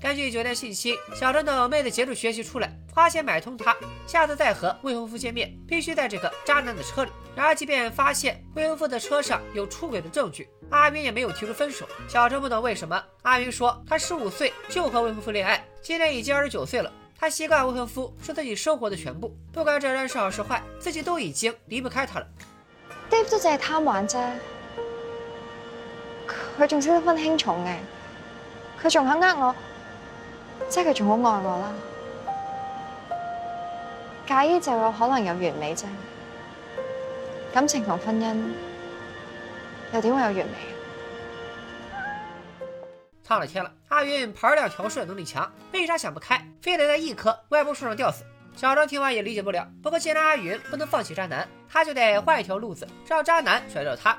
根據酒店信息，小陳等妹子結束學習出來，花錢買通他，下次再和未婚夫見面，必須在這個渣男的車裏。然而，即便發現未婚夫的車上有出軌的證據，阿云也沒有提出分手。小陳不懂為什麼，阿云說她十五歲就和未婚夫戀愛，今年已經二十九歲了，她習慣未婚夫是自己生活的全部，不管這人是好是壞，自己都已經離不開他了。對不住，就係貪玩啫，佢仲識得分輕重嘅，佢仲肯呃我。即係佢仲好愛我啦，介意就有可能有完美啫。感情同婚姻又點會有完美啊？蒼了天了，阿云牌靚條順能力強，為啥想不開，非得在一棵歪脖樹上吊死？小張聽完也理解不了，不過既然阿云不能放棄渣男，他就得換一條路子，讓渣男甩掉他。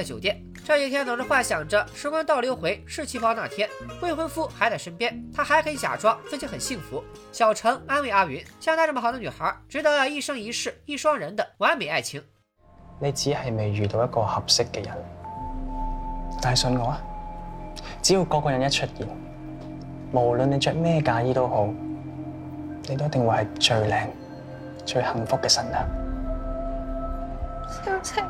在酒店，這幾天總是幻想着時光倒流回試旗袍那天，未婚夫還在身邊，他還可以假裝自己很幸福。小陳安慰阿云：“像她這麼好的女孩，值得一生一世一雙人的完美愛情。”你只係未遇到一個合適嘅人，但係信我啊！只要嗰個人一出現，無論你着咩嫁衣都好，你都一定會係最靚、最幸福嘅新娘。是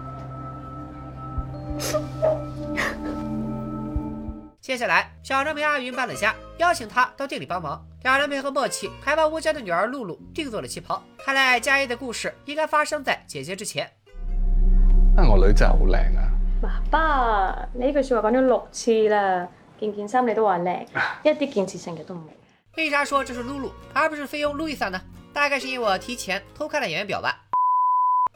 接下來，小人陪阿云搬了家，邀請他到店裏幫忙。兩人配合默契，還把吳家的女兒露露定做了旗袍。看來佳一的故事應該發生在姐姐之前。我女真好靚啊，爸爸，你呢句說話講了六次了，件件衫你都話靚，一啲建設性嘅都冇。為 啥說這是露露，而不是菲傭露易莎呢？大概是因為我提前偷看了演員表吧。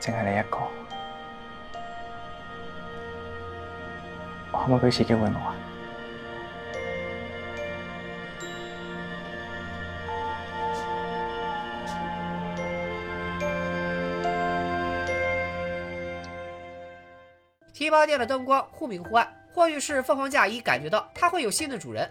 淨係你一個，可唔可以俾次機會我啊？提包店的燈光忽明忽暗，或許是鳳凰嫁衣感覺到它會有新的主人。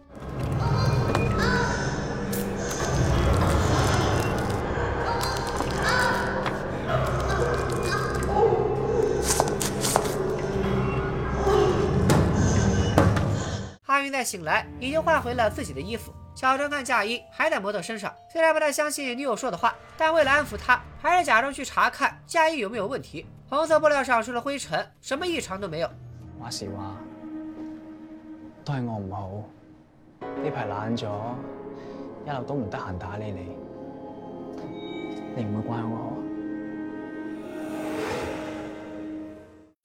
阿云在醒來，已經換回了自己的衣服。小張看嫁衣還在模特身上，雖然不太相信女友說的話，但為了安撫她，還是假裝去查看嫁衣有沒有問題。紅色布料上除了灰塵，什麼異常都沒有。話時話，都係我唔好，呢排懶咗，一路都唔得閒打理你，你唔會怪我。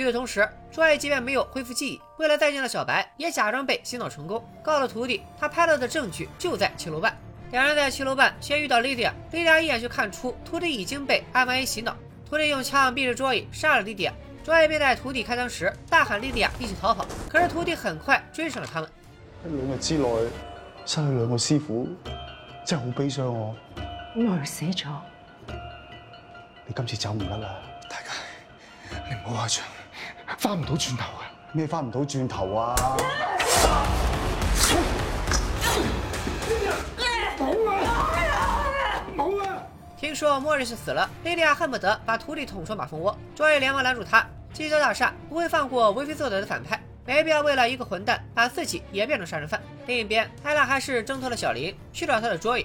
與此同時，卓艾即便沒有恢復記憶，為了再見到小白，也假裝被洗腦成功，告了徒弟。他拍到的證據就在七樓半。兩人在七樓半先遇到莉莉亞，莉莉亞一眼就看出徒弟已經被 M.A. 洗腦。徒弟用槍逼着卓艾殺了莉莉亞，卓艾便在徒弟開槍時大喊莉莉亞一起逃跑。可是徒弟很快追上了他們。一兩日之內失去兩個師傅，真係好悲傷哦、啊。我死咗，你今次走唔甩啦，大家。你唔好開槍。翻唔到轉頭啊？咩翻唔到轉頭啊？冇啊！冇啊！聽說莫瑞斯死了，莉莉亞恨不得把徒弟捅出馬蜂窩。Joy 連忙攔住她，金宵大廈不會放過為非作歹的反派，沒必要為了一個混蛋把自己也變成殺人犯。另一邊，艾拉還是掙脫了小林，去找他的 Joy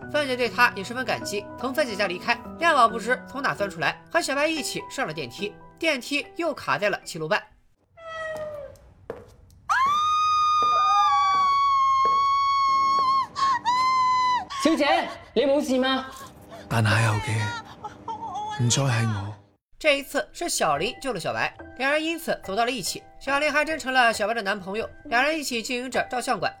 芬姐對她也十分感激。從芬姐家離開，亮寶不知從哪鑽出來，和小白一起上了電梯，電梯又卡在了七樓半。小姐，你冇事嗎？但係又嘅唔再係我。這一次是小林救了小白，兩人因此走到了一起，小林還真成了小白的男朋友，兩人一起經營着照相館。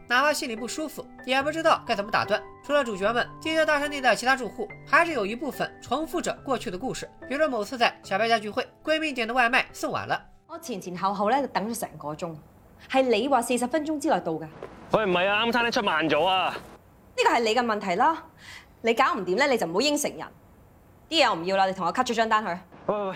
哪怕心裏不舒服，也不知道該怎麼打斷。除了主角們，金宵大廈內的其他住戶還是有一部分重複着過去的故事。比如說某次在小白家聚會，閨蜜點的外賣送晚了。我前前後後咧就等咗成個鐘，係你話四十分鐘之內到噶？喂，唔係啊，啱餐咧出慢咗啊！呢、這個係你嘅問題啦，你搞唔掂咧，你就唔好應承人。啲嘢我唔要啦，你同我 cut 咗張單去。喂喂喂！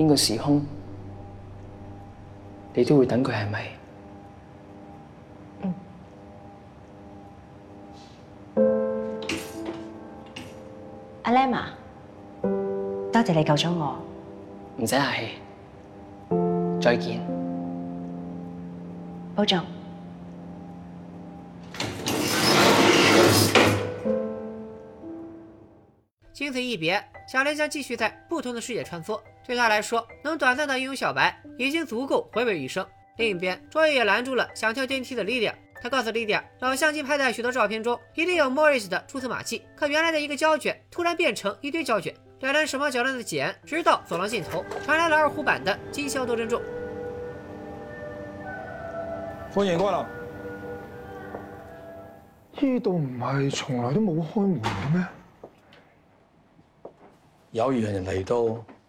邊個時空，你都會等佢係咪？阿 Lama，多謝你救咗我。唔使客氣，再見，保重。經此一別，小蓮將繼續在不同的世界穿梭。對他來說，能短暫的擁有小白已經足夠回味一生。另一邊，卓義也攔住了想跳電梯的麗麗。他告訴麗麗，老相機拍的許多照片中一定有 Morris 的蛛絲馬迹。可原來的一個膠卷突然變成一堆膠卷，兩人手忙腳亂的撿，直到走廊盡頭傳來了二胡版的《今宵多珍重》。歡迎光臨。呢度唔係從來都冇開門嘅咩？有緣人嚟到。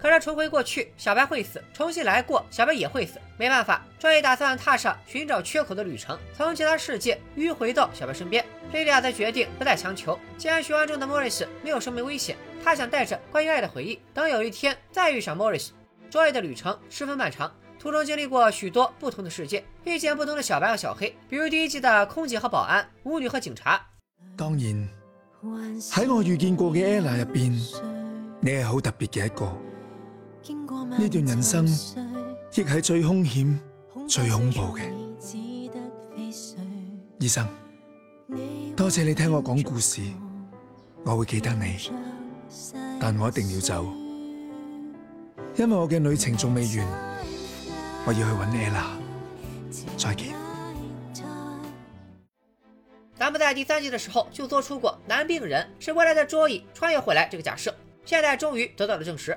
可是，重回過去，小白會死；重新來過，小白也會死。沒辦法，Joy 打算踏上尋找缺口的旅程，從其他世界迂回到小白身邊。莉莉婭的決定不再強求。既然循環中的 Morris 沒有生命危險，她想帶着關於愛的回憶，等有一天再遇上 Morris。Joy 的旅程十分漫長，途中經歷過許多不同的世界，遇見不同的小白和小黑，比如第一季的空姐和保安、舞女和警察。當然，喺我遇見過嘅 Ella 入邊，你係好特別嘅一個。呢段人生亦係最凶險、最恐怖嘅。醫生，多謝你聽我講故事，我會記得你，但我一定要走，因為我嘅旅程仲未完，我要去揾 Ella。再見。咱們在第三季嘅時候就做出過男病人是未來的卓依穿越回來這個假設，現在終於得到了證實。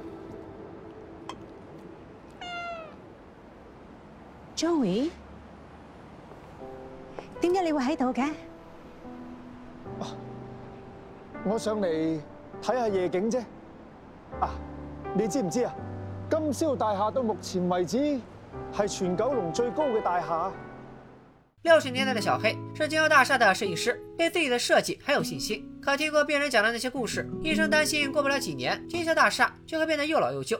Joey，點解你會喺度嘅？我上嚟睇下夜景啫。啊，你知唔知啊？金宵大廈到目前為止係全九龍最高嘅大廈。六十年代的小黑是金宵大廈的設計師，對自己的設計很有信心。可聽過別人講的那些故事，醫生擔心過不了幾年，金宵大廈就會變得又老又舊。